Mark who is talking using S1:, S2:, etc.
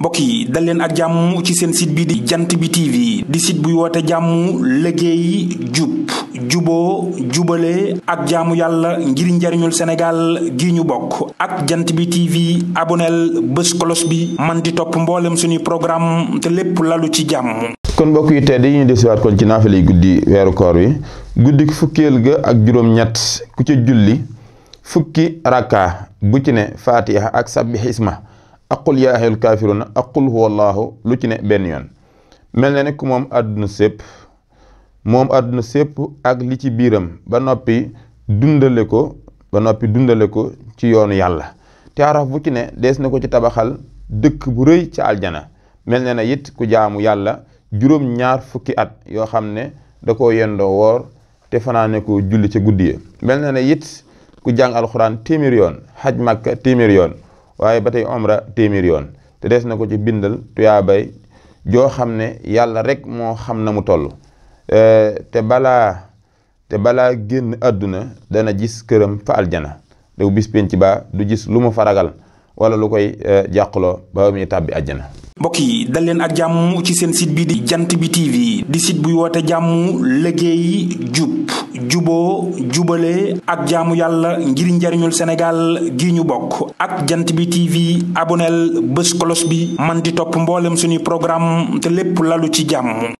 S1: mbokk yi dal leen ak jàmm ci seen site bi di jant bi TV di site buy woote jàmm liggéey jub juboo jubale ak jaamu yàlla ngir njariñul senegal gi ñu bokk ak jant bi TV aboneel bés kolos bi man di topp mboolem suñuy programme te lépp lalu ci jàmm.
S2: kon mbokk yi tedd yi ñu desiwaat kon ci naafilay guddi weeru koor wi guddi fukkeel ga ak juróom-ñett ku ca julli fukki rakka bu ci ne faatiha ak sabbi xisma ak qul yaa ayyuhal kaafiruuna lu ci ne benn yoon mel na ne ku moom àdduna sépp àdduna sépp ak li ci biiram ba noppi dundale ko ba noppi dundale ko ci yoonu yàlla te araf bu ci ne des na ko ci tabaxal dëkk bu rëy ci aljana mel na ne it ku jaamu yàlla juróom ñaar fukki at yoo xam ne da ko yendoo woor te fanaane ko julli ci guddi ya mel na ne it ku jàng alxuraan téeméer yoon xaj màkka téeméer yoon waaye ba tey omra téeméer yoon te des na ko ci bindal tuyaabay joo xam ne yàlla rek moo xam na mu toll te balaa te balaa génn àdduna dana gis këram fa aljana daw bis penc ba du gis lu mu fa ragal wala lu koy e, jàqloo ba muy tàbbi àjjana
S1: mbokk yi ak jàmm ci seen site bi di jant bi TV di site buy woote jàmm liggéey jub juboo jubale ak jaamu yàlla ngir njariñul Sénégal gi ñu bokk ak jant bi TV aboneel bés kolos bi man di topp mboolem suñuy programme te lépp lalu ci jàmm